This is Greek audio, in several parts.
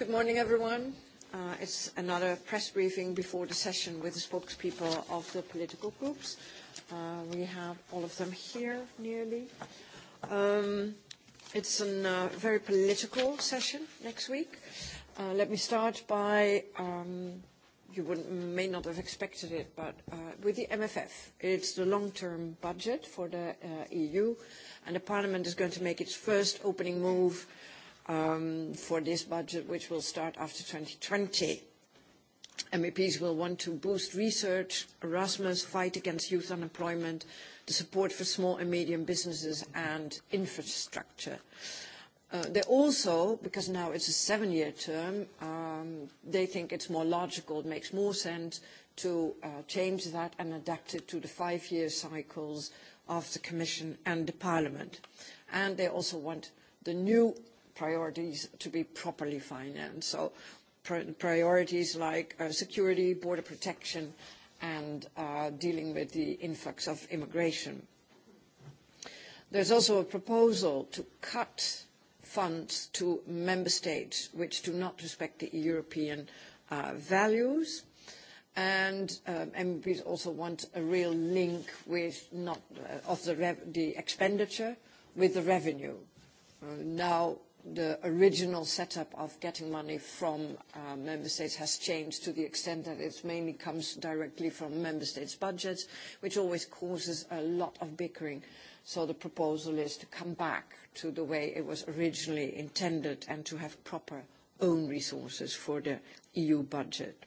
Good morning, everyone. It's another press briefing before the session with the spokespeople of the political groups. We have all of them here, nearly. It's a very political session next week. Let me start by, you may not have expected it, but with the MFF. It's the long-term budget for the EU, and the Parliament is going to make its first opening move for this budget, which will start after 2020. MEPs will want to boost research, Erasmus, fight against youth unemployment, the support for small and medium businesses, and infrastructure. They also, because now it's a seven-year term, they think it's more logical, it makes more sense to change that and adapt it to the five-year cycles of the Commission and the Parliament. And they also want the new priorities to be properly financed. So priorities like security, border protection, and dealing with the influx of immigration. There's also a proposal to cut funds to member states which do not respect the European values. And MPs also want a real link with not of the expenditure with the revenue. Now the original setup of getting money from member states has changed to the extent that it mainly comes directly from member states' budgets, which always causes a lot of bickering. So the proposal is to come back to the way it was originally intended and to have proper own resources for the EU budget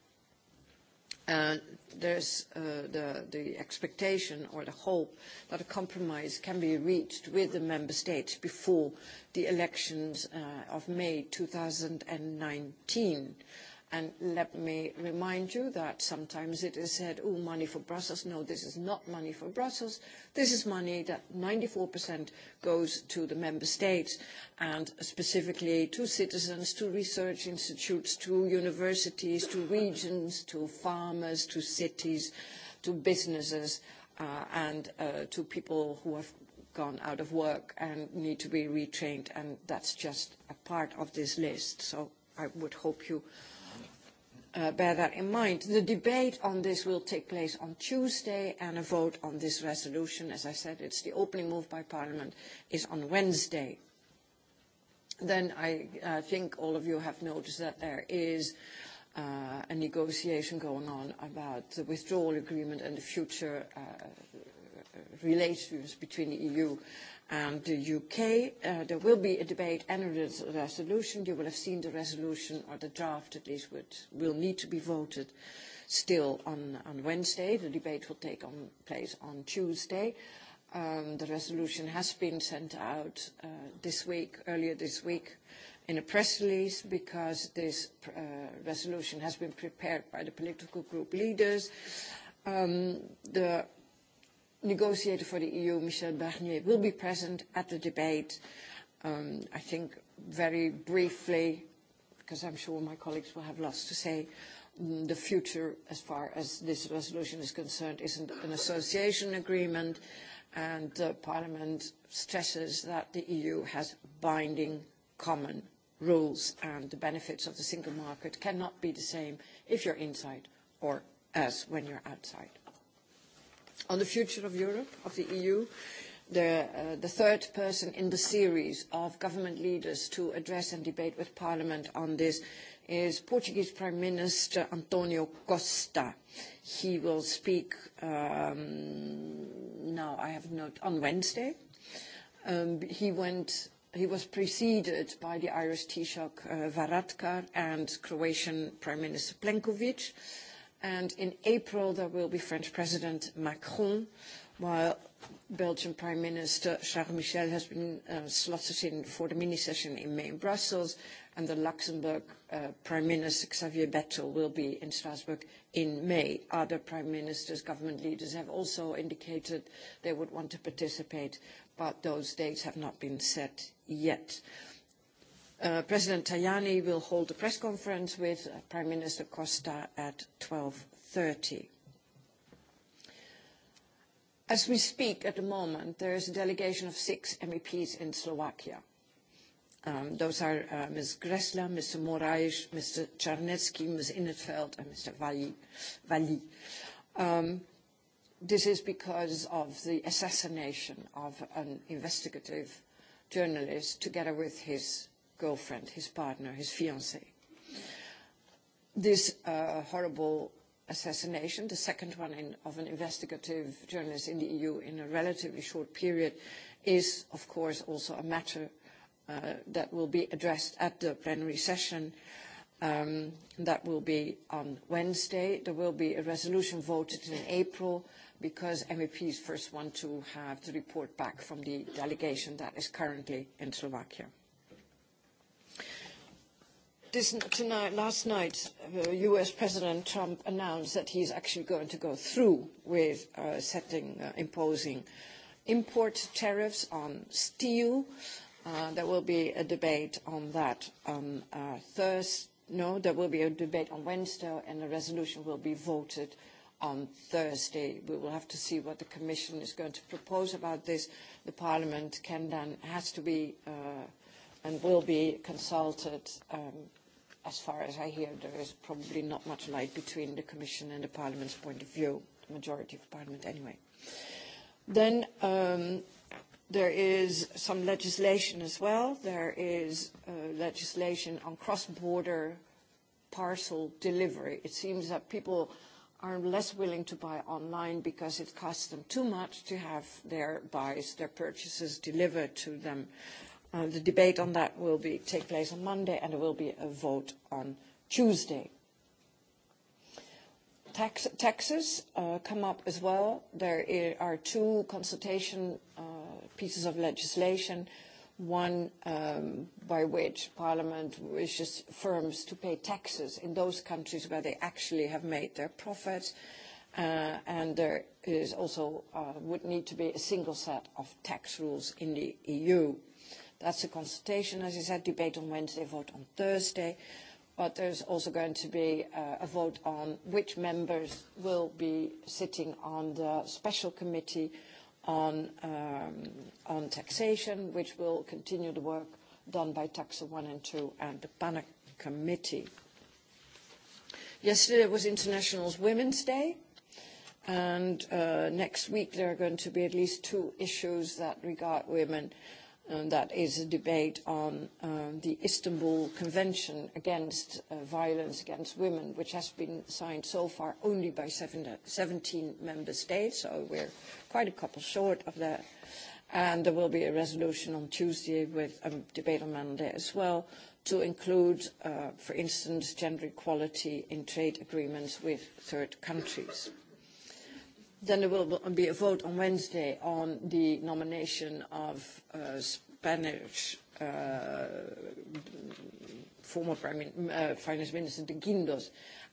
there's the expectation or the hope that a compromise can be reached with the member states before the elections of May 2019. And let me remind you that sometimes it is said, oh, money for Brussels. No, this is not money for Brussels. This is money that 94% goes to the member states and specifically to citizens, to research institutes, to universities, to regions, to farmers, to cities, to businesses, and to people who have gone out of work and need to be retrained. And that's just a part of this list. So I would hope you bear that in mind. The debate on this will take place on Tuesday and a vote on this resolution, as I said, it's the opening move by Parliament, is on Wednesday. Then I think all of you have noticed that there is a negotiation going on about the withdrawal agreement and the future relations between the EU and the UK. There will be a debate and a resolution. You will have seen the resolution, or the draft at least, which will need to be voted still on Wednesday. The debate will take place on Tuesday. The resolution has been sent out this week, earlier this week, in a press release because this resolution has been prepared by the political group leaders. The negotiator for the EU, Michel Barnier, will be present at the debate. I think very briefly, because I'm sure my colleagues will have lots to say, the future, as far as this resolution is concerned, isn't an association agreement, and Parliament stresses that the EU has binding common rules, and the benefits of the single market cannot be the same if you're inside or as when you're outside on the future of Europe, of the EU, the third person in the series of government leaders to address and debate with Parliament on this is Portuguese Prime Minister Antonio Costa. He will speak now, I have note, on Wednesday. He went He was preceded by the Irish Taoiseach Varadkar and Croatian Prime Minister Plenković. And in April, there will be French President Macron, while Belgian Prime Minister Charles Michel has been slotted in for the mini-session in May in Brussels, and the Luxembourg Prime Minister Xavier Bettel will be in Strasbourg in May. Other Prime Ministers, government leaders have also indicated they would want to participate, but those dates have not been set yet. President Tajani will hold a press conference with Prime Minister Costa at 12.30. As we speak at the moment, there is a delegation of six MEPs in Slovakia. Those are Ms. Gressler, Mr. Moraes, Mr. Czarnecki, Ms. Innetfeld, and Mr. Valli. This is because of the assassination of an investigative journalist together with his girlfriend, his partner, his fiancée. This horrible assassination, the second one of an investigative journalist in the EU in a relatively short period, is, of course, also a matter that will be addressed at the plenary session. That will be on Wednesday. There will be a resolution voted in April because MEPs first want to have the report back from the delegation that is currently in Slovakia. Tonight, last night, U.S. President Trump announced that he is actually going to go through with setting, imposing import tariffs on steel. There will be a debate on that on Thursday. No, there will be a debate on Wednesday, and the resolution will be voted on Thursday. We will have to see what the Commission is going to propose about this. The Parliament can then has to be and will be consulted as far as I hear, there is probably not much light between the Commission and the Parliament's point of view, the majority of Parliament anyway. Then there is some legislation as well. There is legislation on cross-border parcel delivery. It seems that people are less willing to buy online because it costs them too much to have their buys, their purchases delivered to them The debate on that will take place on Monday and there will be a vote on Tuesday. Taxes come up as well. There are two consultation pieces of legislation, one by which Parliament wishes firms to pay taxes in those countries where they actually have made their profits, and there is also would need to be a single set of tax rules in the EU. That's a consultation, as I said, debate on Wednesday, vote on Thursday. But there's also going to be a vote on which members will be sitting on the special committee on taxation, which will continue the work done by Taxa 1 and 2 and the PANAC committee. Yesterday was International Women's Day, and next week there are going to be at least two issues that regard women that is a debate on the Istanbul Convention against violence against women, which has been signed so far only by 17 member states, so we're quite a couple short of that. And there will be a resolution on Tuesday with a debate on Monday as well to include, for instance, gender equality in trade agreements with third countries. Then there will be a vote on Wednesday on the nomination of Spanish former Finance Minister de Guindos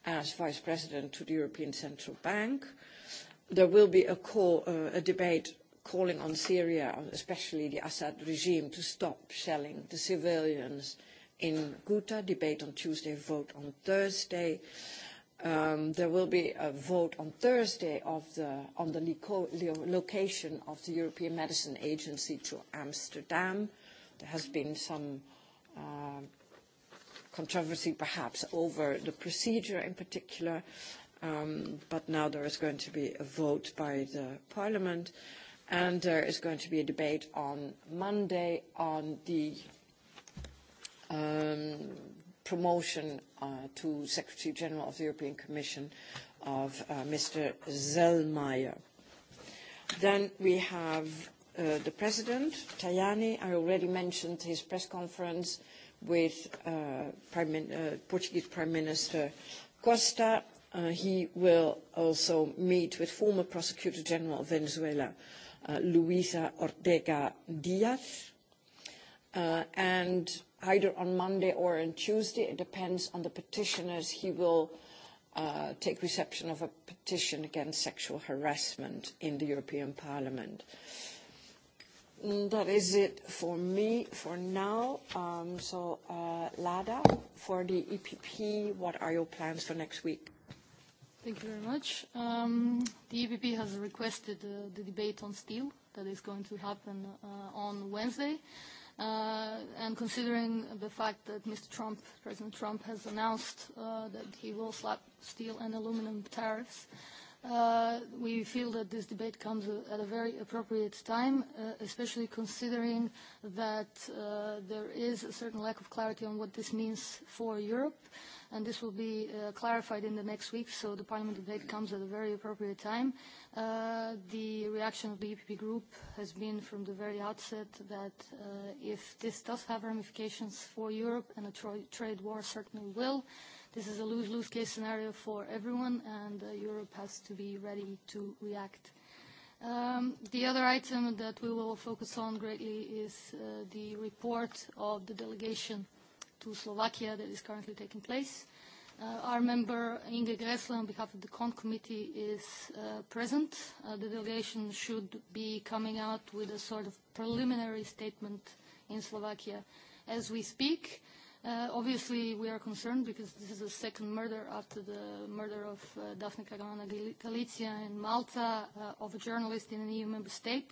as Vice President to the European Central Bank. There will be a debate calling on Syria, especially the Assad regime, to stop shelling the civilians in Ghouta. Debate on Tuesday, vote on Thursday. There will be a vote on Thursday on the location of the European Medicine Agency to Amsterdam. There has been some controversy perhaps over the procedure in particular, but now there is going to be a vote by the Parliament and there is going to be a debate on Monday on the promotion to Secretary General of the European Commission of Mr. Zellmeyer. Then we have the President, Tajani. I already mentioned his press conference with Portuguese Prime Minister Costa. He will also meet with former Prosecutor General of Venezuela, Luisa Ortega Díaz and either on Monday or on Tuesday, it depends on the petitioners, he will take reception of a petition against sexual harassment in the European Parliament. That is it for me for now. So, Lada, for the EPP, what are your plans for next week? Thank you very much. The EPP has requested the debate on steel that is going to happen on Wednesday and considering the fact that Mr. Trump, President Trump, has announced that he will slap steel and aluminum tariffs, We feel that this debate comes at a very appropriate time, especially considering that there is a certain lack of clarity on what this means for Europe, and this will be clarified in the next week, so the Parliament debate comes at a very appropriate time. The reaction of the EPP Group has been from the very outset that if this does have ramifications for Europe, and a trade war certainly will, this is a lose-lose case scenario for everyone, and Europe has to be ready to react. The other item that we will focus on greatly is the report of the delegation to Slovakia that is currently taking place. Our member, Inge Gressler, on behalf of the CON committee, is present. The delegation should be coming out with a sort of preliminary statement in Slovakia as we speak. Obviously, we are concerned because this is the second murder after the murder of Daphne Caruana Galizia in Malta of a journalist in an EU member state.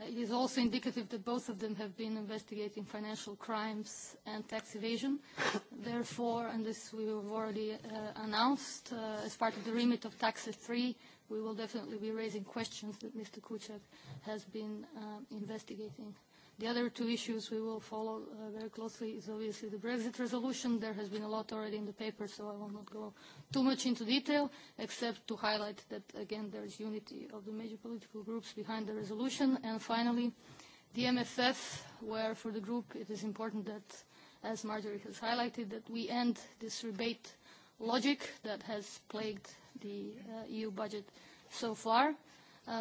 It is also indicative that both of them have been investigating financial crimes and tax evasion. Therefore, and this we have already announced, as part of the remit of Tax 3, we will definitely be raising questions that Mr. Kuczek has been investigating. The other two issues we will follow very closely is obviously the Brexit resolution. There has been a lot already in the paper, so I will not go too much into detail, except to highlight that, again, there is unity of the major political groups behind the resolution. And finally, the MFF, where for the group it is important that, as Marjorie has highlighted, that we end this rebate logic that has plagued the EU budget so far.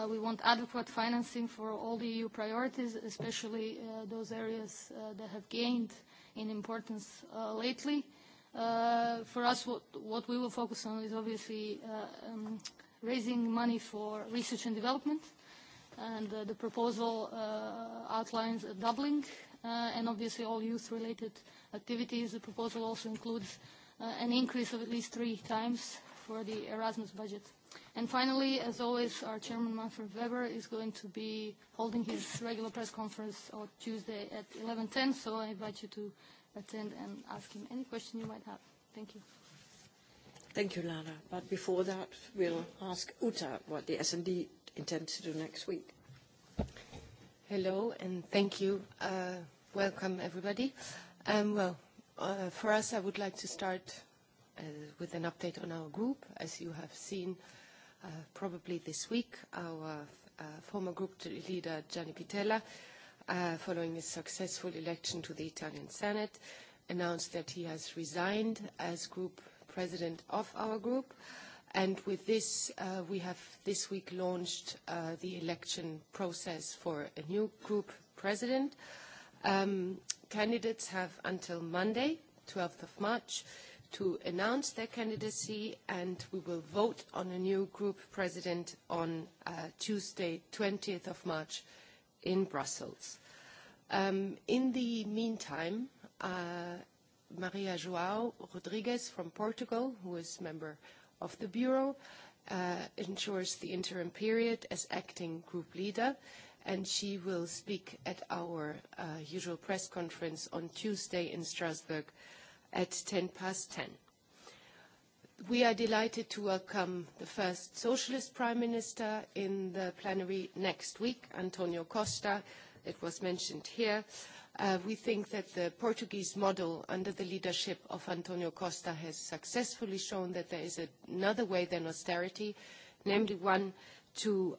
We want adequate financing for all the EU priorities, especially those areas that have gained in importance lately. For us, what we will focus on is obviously raising money for research and development, and the proposal outlines a doubling, and obviously all youth-related activities. The proposal also includes an increase of at least three times for the Erasmus budget. And finally, as always, our chairman, Manfred Weber, is going to be holding his regular press conference on Tuesday at 11.10, so I invite you to attend and ask him any question you might have. Thank you. Thank you, Lana. But before that, we'll ask Uta what the S&D intends to do next week. Hello, and thank you. Welcome, everybody. Well, for us, I would like to start with an update on our group. As you have seen probably this week, our former group leader Gianni Pitella, following a successful election to the Italian Senate, announced that he has resigned as group president of our group. And with this, we have this week launched the election process for a new group president. Candidates have until Monday, 12th of March, to announce their candidacy, and we will vote on a new group president on Tuesday, 20th of March, in Brussels. In the meantime, Maria João Rodrigues from Portugal, who is member of the Bureau, ensures the interim period as acting group leader, and she will speak at our usual press conference on Tuesday in Strasbourg at 10 past 10. We are delighted to welcome the first socialist prime minister in the plenary next week, Antonio Costa. It was mentioned here. We think that the Portuguese model under the leadership of Antonio Costa has successfully shown that there is another way than austerity, namely one to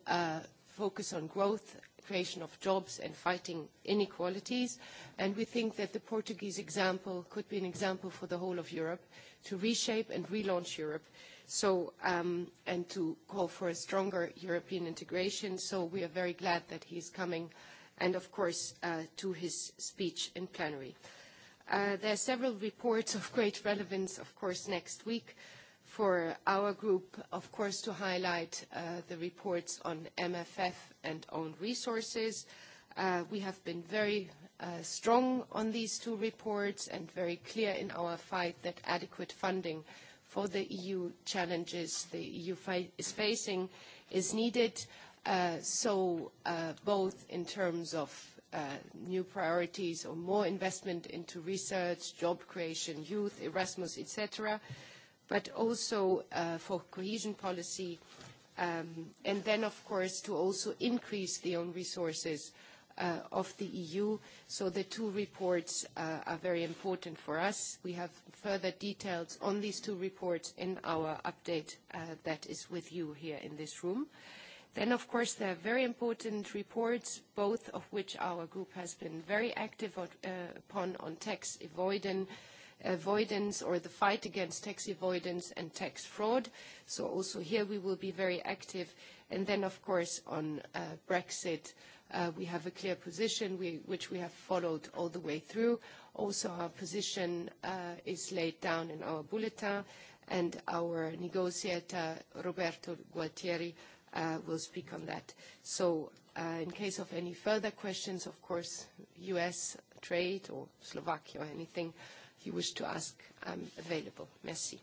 focus on growth creation of jobs and fighting inequalities. And we think that the Portuguese example could be an example for the whole of Europe to reshape and relaunch Europe and to call for a stronger European integration. So we are very glad that he is coming and, of course, to his speech in plenary. There are several reports of great relevance, of course, next week for our group, of course, to highlight the reports on MFF and own resources. We have been very strong on these two reports and very clear in our fight that adequate funding for the EU challenges the EU is facing is needed, so both in terms of new priorities or more investment into research, job creation, youth, Erasmus, etc., but also for cohesion policy and then, of course, to also increase the own resources of the EU. So the two reports are very important for us. We have further details on these two reports in our update that is with you here in this room. Then, of course, there are very important reports, both of which our group has been very active upon on tax avoidance avoidance or the fight against tax avoidance and tax fraud. So also here we will be very active. And then, of course, on Brexit, we have a clear position which we have followed all the way through. Also, our position is laid down in our bulletin, and our negotiator, Roberto Gualtieri, will speak on that. So in case of any further questions, of course, U.S. trade or Slovakia or anything, you wish to ask, I'm available. Merci.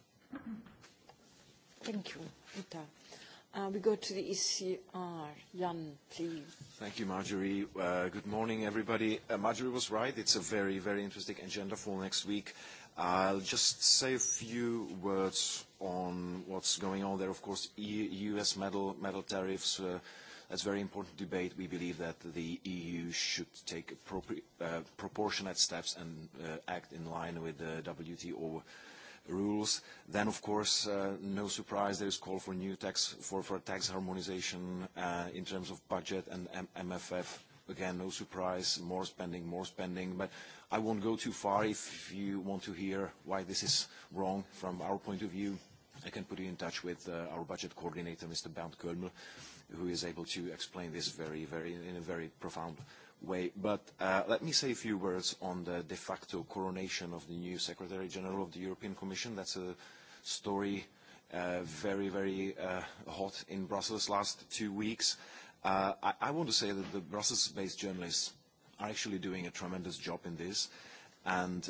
Thank you, Rita. We go to the ECR. Jan, please. Thank you, Marjorie. Good morning, everybody. Marjorie was right. It's a very, very interesting agenda for next week. I'll just say a few words on what's going on there. Of course, U.S. metal tariffs That's a very important debate. We believe that the EU should take proportionate steps and act in line with the WTO rules. Then, of course, no surprise, there is call for new tax, for tax harmonization in terms of budget and MFF. Again, no surprise, more spending, more spending. But I won't go too far. If you want to hear why this is wrong from our point of view, I can put you in touch with our budget coordinator, Mr. Bernd Kölmel, who is able to explain this very, very, in a very profound way. But let me say a few words on the de facto coronation of the new Secretary General of the European Commission. That's a story very, very hot in Brussels last two weeks. I want to say that the Brussels-based journalists are actually doing a tremendous job in this. And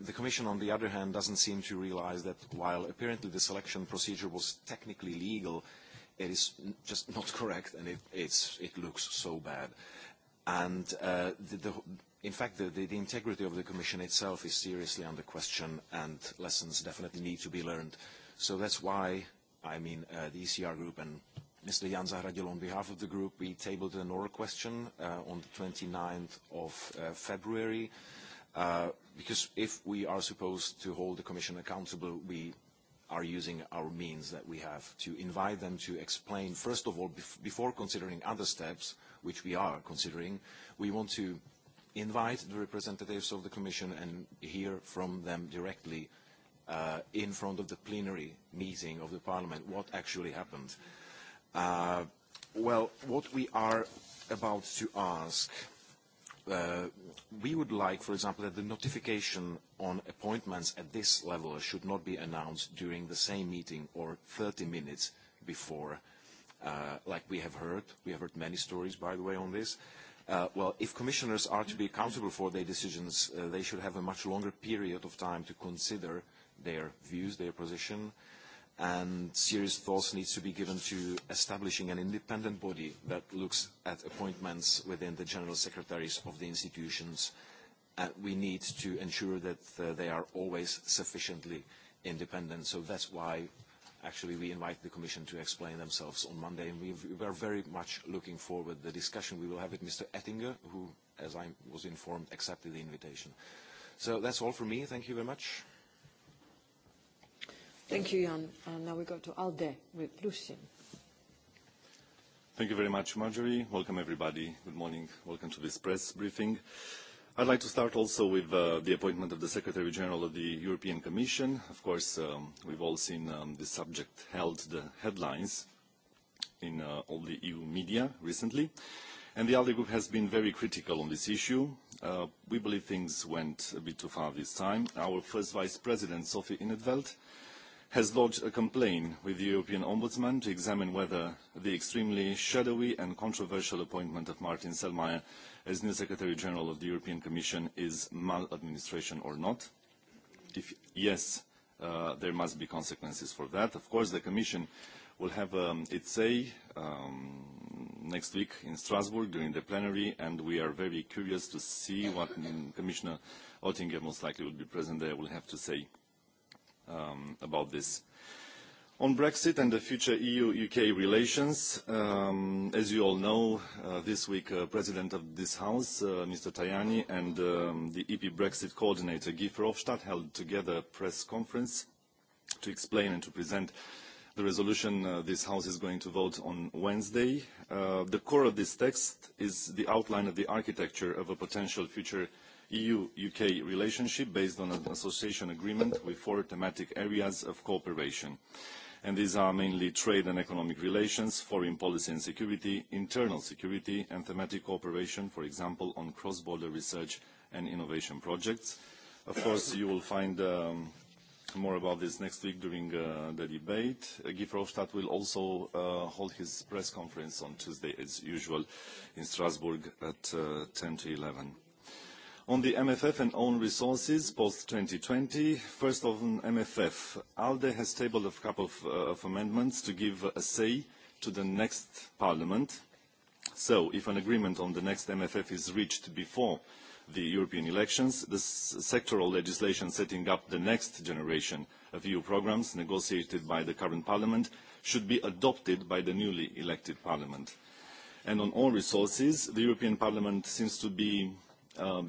the Commission, on the other hand, doesn't seem to realize that while apparently the selection procedure was technically legal, it is just not correct and it it's it looks so bad and the in fact the integrity of the commission itself is seriously under question and lessons definitely need to be learned so that's why i mean the ecr group and mr jan zahradil on behalf of the group we tabled an oral question on the 29th of february because if we are supposed to hold the commission accountable we are using our means that we have to invite them to explain, first of all, before considering other steps, which we are considering, we want to invite the representatives of the Commission and hear from them directly in front of the plenary meeting of the Parliament what actually happened. Well, what we are about to ask we would like, for example, that the notification on appointments at this level should not be announced during the same meeting or 30 minutes before, like we have heard. We have heard many stories, by the way, on this. Well, if commissioners are to be accountable for their decisions, they should have a much longer period of time to consider their views, their position, and serious thoughts need to be given to establishing an independent body that looks at appointments within the general secretaries of the institutions. We need to ensure that they are always sufficiently independent. So that's why actually we invite the Commission to explain themselves on Monday. And we are very much looking forward to the discussion we will have with Mr. Ettinger, who, as I was informed, accepted the invitation. So that's all for me. Thank you very much. Thank you, Jan. And now we go to Alde with Lucien. Thank you very much, Marjorie. Welcome, everybody. Good morning. Welcome to this press briefing. I'd like to start also with the appointment of the Secretary General of the European Commission. Of course, we've all seen this subject held the headlines in all the EU media recently. And the ALDE group has been very critical on this issue. We believe things went a bit too far this time. Our first Vice President, Sophie Innetveld, has lodged a complaint with the European Ombudsman to examine whether the extremely shadowy and controversial appointment of Martin Selmayr as new Secretary General of the European Commission is maladministration or not. If yes, there must be consequences for that. Of course, the Commission will have its say next week in Strasbourg during the plenary, and we are very curious to see what Commissioner Oettinger most likely will be present there will have to say about this. On Brexit and the future EU-UK relations, as you all know, this week President of this House, Mr. Tajani, and the EP Brexit coordinator, Guy Verhofstadt, held together a press conference to explain and to present the resolution this House is going to vote on Wednesday. The core of this text is the outline of the architecture of a potential future EU-UK relationship based on an association agreement with four thematic areas of cooperation. And these are mainly trade and economic relations, foreign policy and security, internal security, and thematic cooperation, for example, on cross-border research and innovation projects. Of course, you will find more about this next week during the debate. Guy Verhofstadt will also hold his press conference on Tuesday, as usual, in Strasbourg at 10 to 11. On the MFF and own resources post-2020, first of on MFF, ALDE has tabled a couple of amendments to give a say to the next Parliament. So, if an agreement on the next MFF is reached before the European elections, the sectoral legislation setting up the next generation of EU programmes negotiated by the current Parliament should be adopted by the newly elected Parliament. And on own resources, the European Parliament seems to be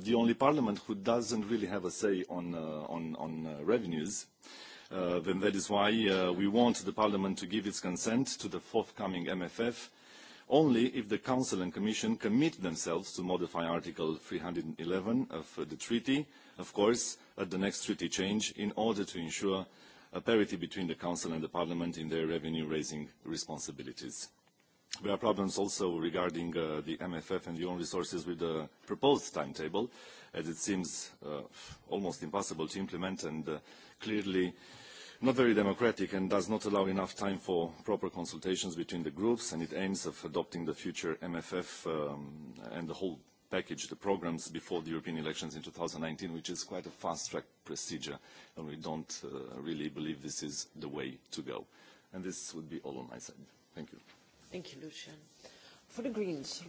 the only parliament who doesn't really have a say on revenues. then that is why we want the parliament to give its consent to the forthcoming MFF only if the Council and Commission commit themselves to modify Article 311 of the treaty, of course, at the next treaty change, in order to ensure a parity between the Council and the Parliament in their revenue-raising responsibilities. There are problems also regarding the MFF and the own resources with the proposed timetable, as it seems almost impossible to implement and clearly not very democratic and does not allow enough time for proper consultations between the groups, and it aims of adopting the future MFF and the whole package, the programs, before the European elections in 2019, which is quite a fast-track procedure, and we don't really believe this is the way to go. And this would be all on my side. Thank you. Thank you, Lucian. For the Greens,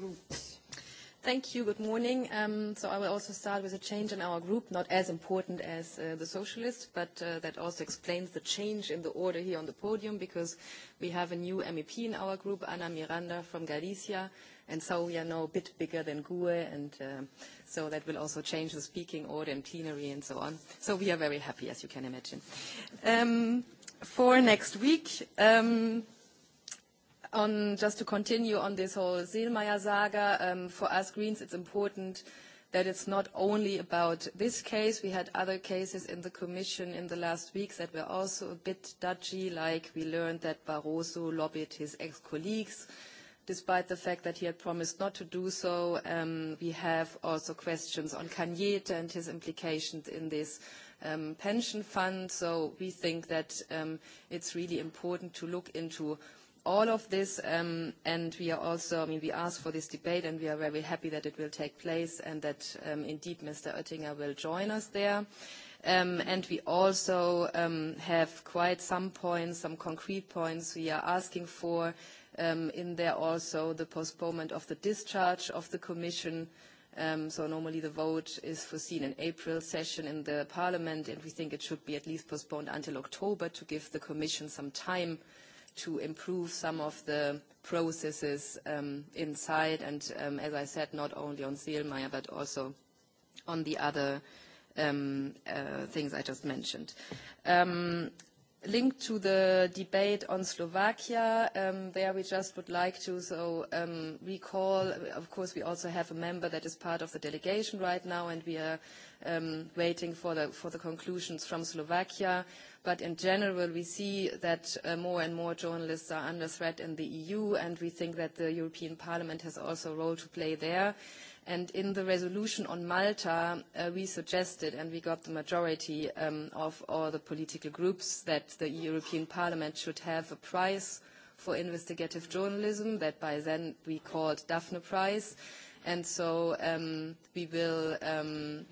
Thank you. Good morning. So I will also start with a change in our group, not as important as the Socialists, but that also explains the change in the order here on the podium, because we have a new MEP in our group, Ana Miranda from Galicia, and so we are now a bit bigger than GUE, and so that will also change the speaking order and plenary and so on. So we are very happy, as you can imagine. For next week, Just to continue on this whole Selmayr saga, for us Greens, it's important that it's not only about this case. We had other cases in the Commission in the last weeks that were also a bit dodgy, like we learned that Barroso lobbied his ex-colleagues, despite the fact that he had promised not to do so. We have also questions on Kanyete and his implications in this pension fund. So we think that it's really important to look into all of this, and we are also, I mean, we asked for this debate, and we are very happy that it will take place and that indeed Mr. Oettinger will join us there. And we also have quite some points, some concrete points we are asking for in there also the postponement of the discharge of the Commission. So normally the vote is foreseen in April session in the Parliament, and we think it should be at least postponed until October to give the Commission some time to improve some of the processes inside and, as I said, not only on Seelmeier but also on the other things I just mentioned. Linked to the debate on Slovakia, there we just would like to so recall, of course, we also have a member that is part of the delegation right now, and we are waiting for the conclusions from Slovakia. But in general, we see that more and more journalists are under threat in the EU, and we think that the European Parliament has also a role to play there. And in the resolution on Malta, we suggested, and we got the majority of all the political groups, that the European Parliament should have a prize for investigative journalism that by then we called Daphne Prize. And so we will,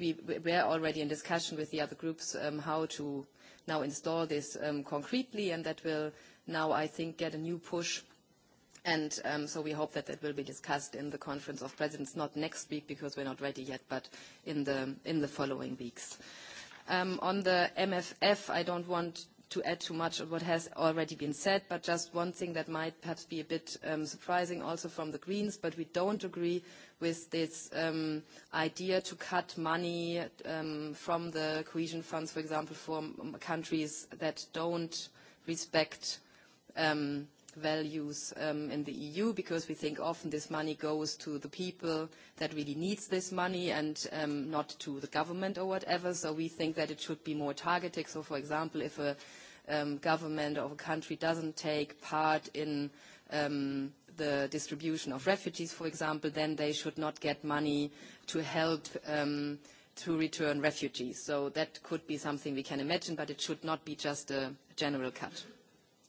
we were already in discussion with the other groups how to now install this concretely, and that will now, I think, get a new push. And so we hope that that will be discussed in the Conference of Presidents, not next week because we're not ready yet, but in the following weeks. On the MFF, I don't want to add too much of what has already been said, but just one thing that might perhaps be a bit surprising also from the Greens, but we don't agree with this idea to cut money from the cohesion funds, for example, for countries that don't respect values in the EU because we think often this money goes to the people that really needs this money and not to the government or whatever. So we think that it should be more targeted. So, for example, if a government or a country doesn't take part in the distribution of refugees, for example, then they should not get money to help to return refugees. So that could be something we can imagine, but it should not be just a general cut.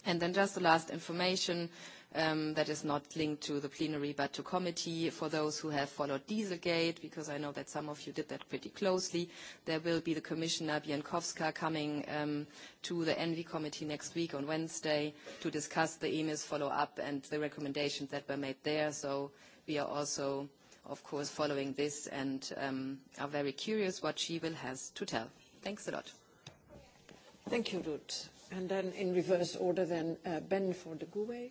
And then just the last information that is not linked to the plenary but to committee. For those who have followed Dieselgate, because I know that some of you did that pretty closely, there will be the Commissioner Biankowska coming to the ENVI committee next week on Wednesday to discuss the EMIS follow-up and the recommendations that were made there. So we are also, of course, following this and are very curious what she will have to tell. Thanks a lot. Thank you, Ruth. And then in reverse order then, Ben for the GUE.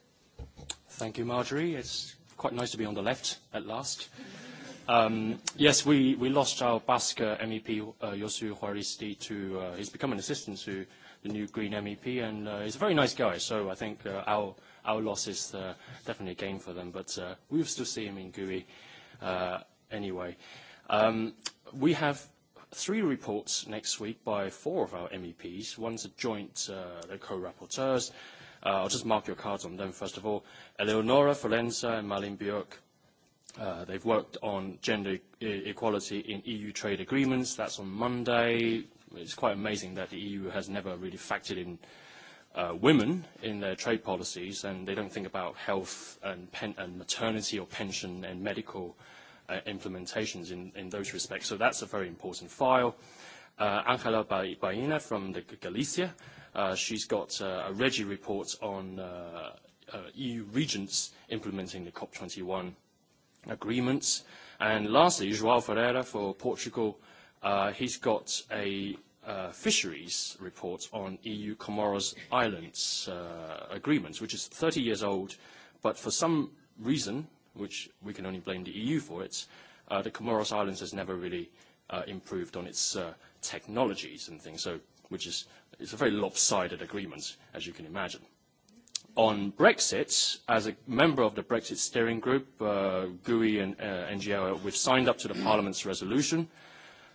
Thank you, Marjorie. It's quite nice to be on the left at last. Yes, we we lost our Basque MEP, Josu Juaristi, to he's become an assistant to the new Green MEP, and he's a very nice guy, so I think our our loss is definitely a gain for them, but we'll still see him in GUI anyway. We have three reports next week by four of our MEPs. One's a joint, co-rapporteurs. I'll just mark your cards on them first of all. Eleonora Forenza and Malin Björk. They've worked on gender equality in EU trade agreements. That's on Monday. It's quite amazing that the EU has never really factored in women in their trade policies, and they don't think about health and maternity or pension and medical implementations in those respects. So that's a very important file. Angela Baena from the Galicia, she's got a REGI report on EU regions implementing the COP21 agreements. And lastly, João Ferreira for Portugal, he's got a fisheries report on EU Comoros Islands agreements, which is 30 years old, but for some reason which we can only blame the EU for it, the Comoros Islands has never really improved on its technologies and things, so which is it's a very lopsided agreement, as you can imagine. On Brexit, as a member of the Brexit steering group, GUI and NGO, we've signed up to the Parliament's resolution,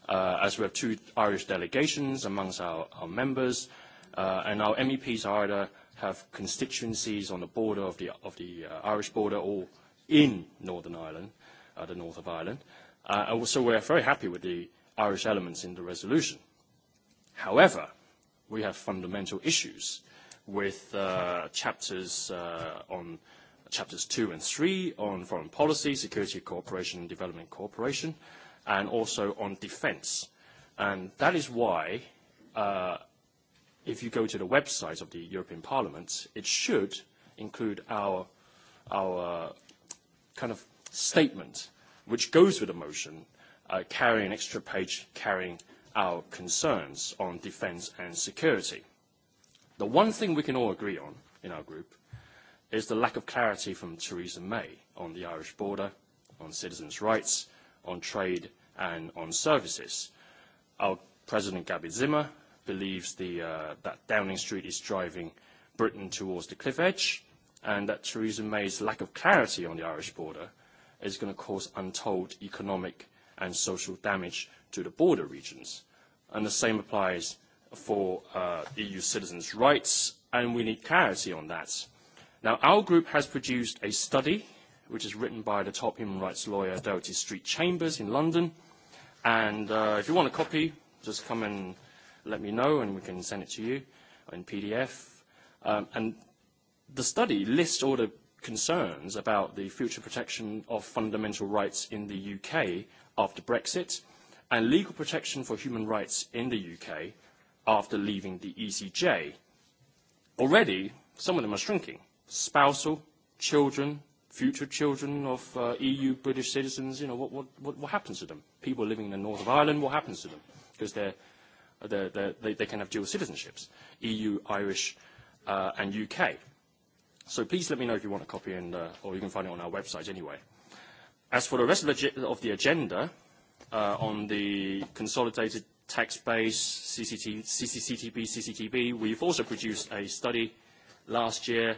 as we have two Irish delegations amongst our members, and our MEPs either have constituencies on the border of the Irish border or in Northern Ireland, the north of Ireland. So we are very happy with the Irish elements in the resolution. However, we have fundamental issues with chapters on chapters 2 and 3 on foreign policy, security cooperation and development cooperation, and also on defence. And that is why, if you go to the website of the European Parliament, it should include our kind of statement which goes with a motion carrying an extra page carrying our concerns on defence and security. The one thing we can all agree on in our group is the lack of clarity from Theresa May on the Irish border, on citizens' rights, on trade and on services. Our President Gabby Zimmer believes that Downing Street is driving Britain towards the cliff edge and that Theresa May's lack of clarity on the Irish border is going to cause untold economic and social damage to the border regions. And the same applies for EU citizens' rights, and we need clarity on that. Now, our group has produced a study, which is written by the top human rights lawyer, Doherty Street Chambers in London. And if you want a copy, just come and let me know, and we can send it to you in PDF. And the study lists all the concerns about the future protection of fundamental rights in the UK after Brexit and legal protection for human rights in the UK after leaving the ECJ. Already, some of them are shrinking. Spousal, children, future children of EU British citizens, you know, what, what, what happens to them? People living in the north of Ireland, what happens to them? Because they're, they're, they, they can have dual citizenships, EU, Irish, and UK. So please let me know if you want a copy, and or you can find it on our website anyway. As for the rest of the agenda, on the consolidated tax base, CCCTB, CCTB, we've also produced a study last year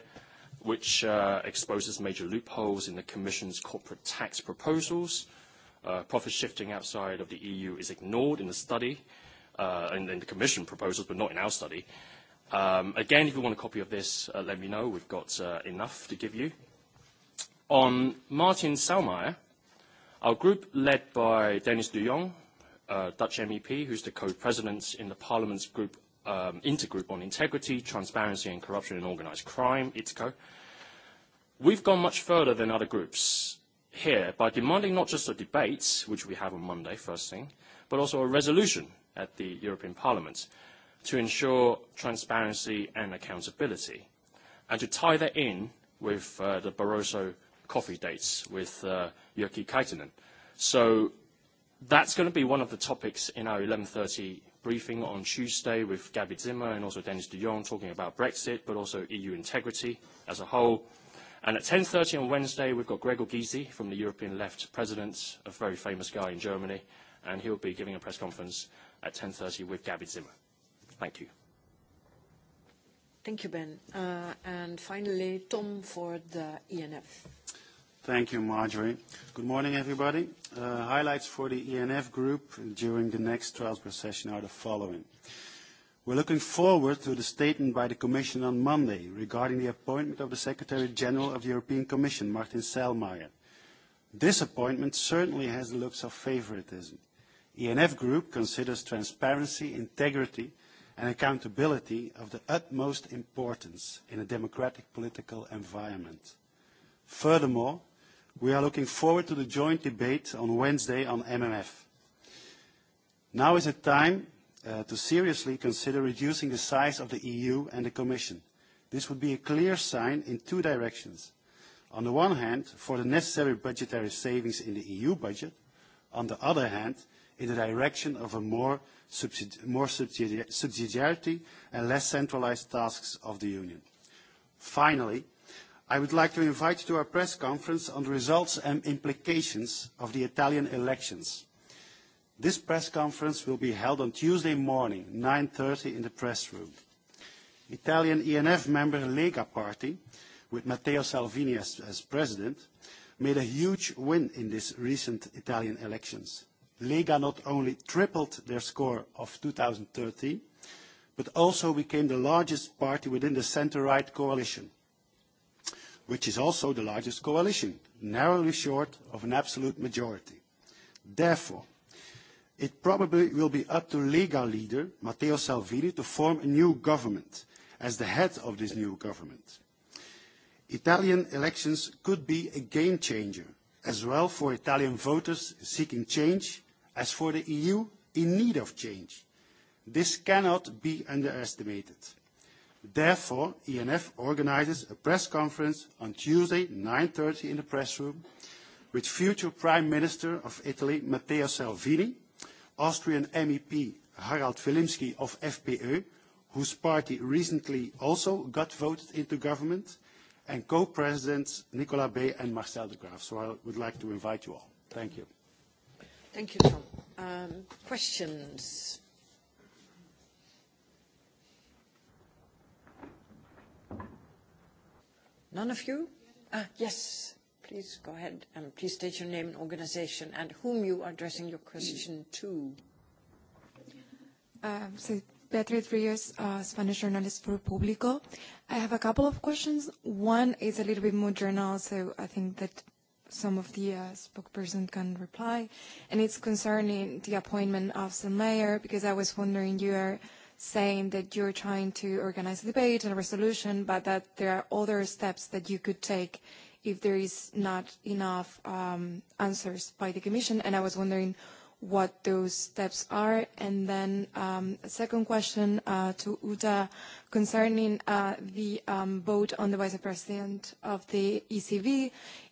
which exposes major loopholes in the Commission's corporate tax proposals. Profit shifting outside of the EU is ignored in the study, and in the Commission proposals, but not in our study. Um Again, if you want a copy of this, let me know. We've got enough to give you. On Martin Selmayr, our group led by Dennis de Jong, Dutch MEP, who's the co-president in the Parliament's group intergroup on integrity, transparency and corruption and organised crime, ITCO. We've gone much further than other groups here by demanding not just a debate, which we have on Monday, first thing, but also a resolution at the European Parliament to ensure transparency and accountability, and to tie that in with the Barroso coffee dates with Yuki Kaitanen. So that's going to be one of the topics in our 11.30 briefing on Tuesday with Gabi Zimmer and also Dennis de Jong talking about Brexit, but also EU integrity as a whole. And at 10.30 on Wednesday, we've got Gregor Gysi from the European Left President, a very famous guy in Germany, and he'll be giving a press conference at 10.30 with Gaby Zimmer. Thank you. Thank you, Ben. And finally, Tom for the ENF. Thank you, Marjorie. Good morning, everybody. Highlights for the ENF Group during the next Strasbourg session are the following. We're looking forward to the statement by the Commission on Monday regarding the appointment of the Secretary General of the European Commission, Martin Selmayr. This appointment certainly has the looks of favoritism. ENF Group considers transparency, integrity, and accountability of the utmost importance in a democratic political environment. Furthermore, we are looking forward to the joint debate on Wednesday on MMF. Now is the time to seriously consider reducing the size of the EU and the Commission. This would be a clear sign in two directions. On the one hand, for the necessary budgetary savings in the EU budget. On the other hand, in the direction of a more subsidiarity and less centralized tasks of the Union. Finally, I would like to invite you to our press conference on the results and implications of the Italian elections. This press conference will be held on Tuesday morning, 9.30 in the press room. Italian ENF member Lega Party, with Matteo Salvini as president, made a huge win in these recent Italian elections. Lega not only tripled their score of 2013, but also became the largest party within the center right coalition, which is also the largest coalition, narrowly short of an absolute majority. Therefore, it probably will be up to Lega leader Matteo Salvini to form a new government as the head of this new government. Italian elections could be a game changer, as well for Italian voters seeking change as for the EU, in need of change. This cannot be underestimated. Therefore, ENF organises a press conference on Tuesday, 9.30 in the press room, with future Prime Minister of Italy, Matteo Salvini, Austrian MEP Harald Wilimski of FPE, whose party recently also got voted into government, and co-presidents Nicola Bay and Marcel de Graaf. So I would like to invite you all. Thank you. Thank you, Tom. Questions? None of you? Yes, please go ahead and please state your name and organization and whom you are addressing your question to. So Beatriz Rios, Spanish journalist for Público. I have a couple of questions. One is a little bit more general, so I think that some of the spokesperson can reply. And it's concerning the appointment of the mayor, because I was wondering, you are saying that you're trying to organize a debate and a resolution, but that there are other steps that you could take if there is not enough um answers by the Commission. And I was wondering what those steps are. And then a second question to Uta concerning the vote on the Vice President of the ECV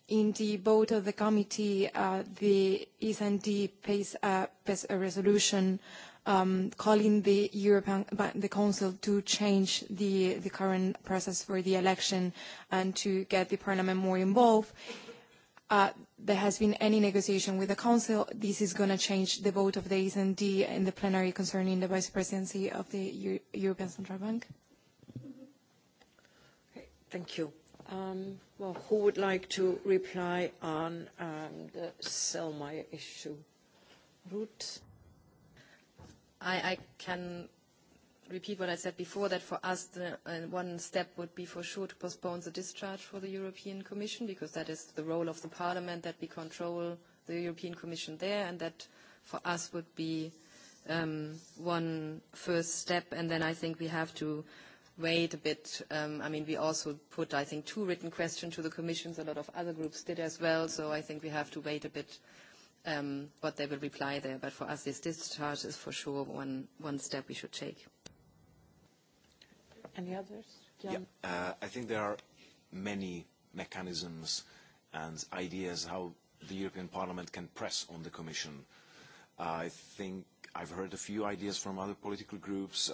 in the vote of the committee, the S&D pays a resolution calling the European Council to change the current process for the election and to get the Parliament more involved. There has been any negotiation with the Council. This is going to change the vote of the S&D in the plenary concerning the Vice Presidency of the European Central Bank. Thank you. Well, who would like to reply on the Selmayr issue? Ruth? I can repeat what I said before, that for us the one step would be for sure to postpone the discharge for the European Commission, because that is the role of the Parliament, that we control the European Commission there, and that for us would be one first step, and then I think we have to wait a bit. I mean, we also put, I think, two written questions to the commissions. A lot of other groups did as well. So I think we have to wait a bit what they will reply there. But for us, this discharge is for sure one one step we should take. Any others? Yeah. I think there are many mechanisms and ideas how the European Parliament can press on the Commission. I think I've heard a few ideas from other political groups.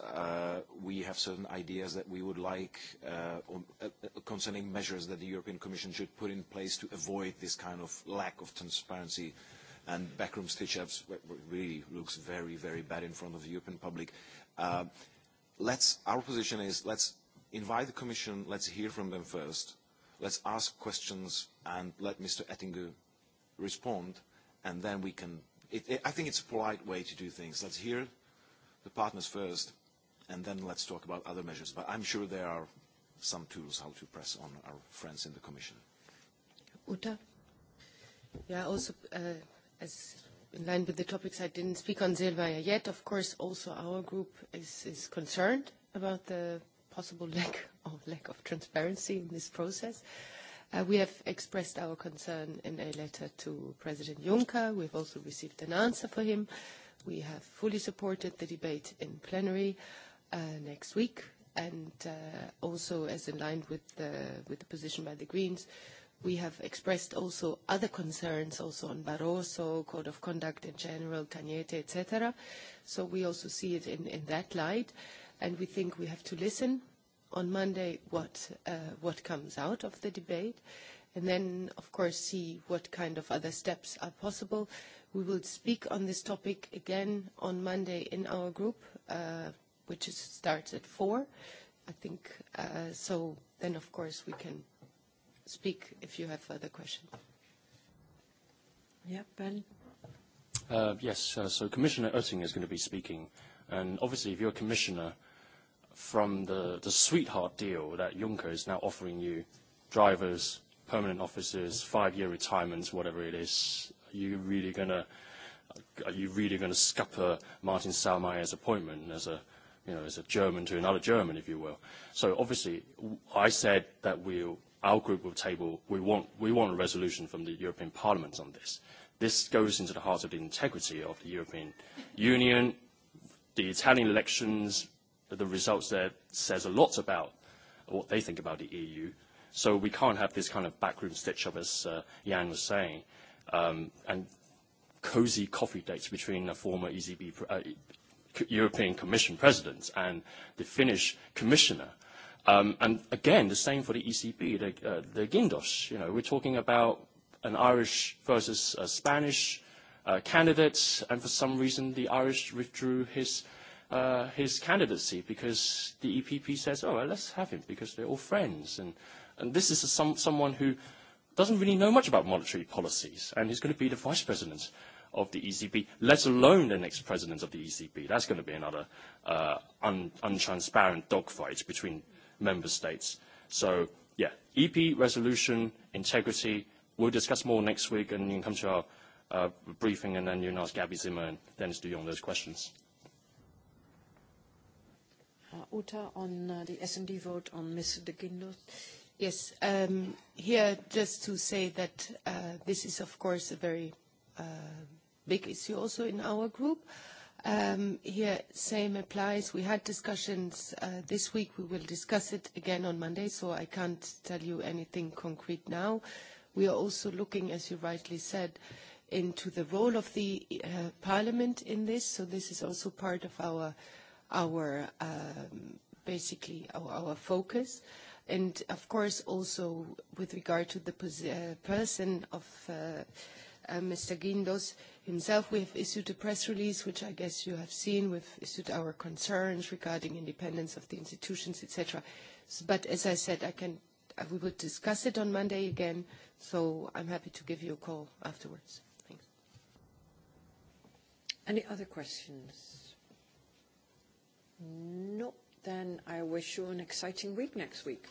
We have certain ideas that we would like concerning measures that the European Commission should put in place to avoid this kind of lack of transparency and backroom stitch-ups. really looks very, very bad in front of the European public. Our position is let's invite the Commission, let's hear from them first, let's ask questions, and let Mr. Ettinger respond, and then we can I think it's a polite way to do things. Let's hear the partners first, and then let's talk about other measures. But I'm sure there are some tools how to press on our friends in the Commission. Uta? Yeah, also, as in line with the topics, I didn't speak on Zelvaya yet. Of course, also our group is, concerned about the possible lack, of lack of transparency in this process. We have expressed our concern in a letter to President Juncker. We've also received an answer for him. We have fully supported the debate in plenary next week. And also, as in line with the position by the Greens, we have expressed also other concerns, also on Barroso, Code of Conduct in general, Cañete, etc. So we also see it in that light. And we think we have to listen on Monday what what comes out of the debate and then of course see what kind of other steps are possible. We will speak on this topic again on Monday in our group, which starts at four, I think. So then of course we can speak if you have further questions. Ben. Yes, so Commissioner Oettinger is going to be speaking, and obviously if you're a commissioner from the sweetheart deal that Juncker is now offering you, drivers, permanent officers, five-year retirements, whatever it is, are you really going to are you really going scupper Martin Salmaier's appointment as a, you know, as a German to another German, if you will? So obviously, I said that our group will table, we want, we want a resolution from the European Parliament on this. This goes into the heart of the integrity of the European Union, the Italian elections, the results there says a lot about what they think about the EU. So we can't have this kind of backroom stitch-up, as Yang was saying, and cozy coffee dates between a former ECB European Commission president and the Finnish commissioner. And again, the same for the ECB, the GINDOS. You know, we're talking about an Irish versus a Spanish candidate, and for some reason the Irish withdrew his his candidacy because the EPP says, oh, let's have him because they're all friends. And, and this is some, someone who doesn't really know much about monetary policies and he's going to be the vice president of the ECB, let alone the next president of the ECB. That's going to be another uh, un, untransparent dogfight between member states. So, yeah, EP resolution, integrity. We'll discuss more next week and you can come to our uh, briefing and then you can ask Gabby Zimmer and Dennis Duyong those questions. Uta on the S&D vote on Mr. De Guindos. Yes. Here, just to say that this is, of course, a very big issue also in our group. Here, same applies. We had discussions this week. We will discuss it again on Monday, so I can't tell you anything concrete now. We are also looking, as you rightly said, into the role of the Parliament in this, so this is also part of our our basically our focus. And of course, also with regard to the person of Mr. Guindos himself, we have issued a press release, which I guess you have seen. We've issued our concerns regarding independence of the institutions, etc. But as I said, I can we will discuss it on Monday again, so I'm happy to give you a call afterwards. Thanks. Any other questions? No, then I wish you an exciting week next week.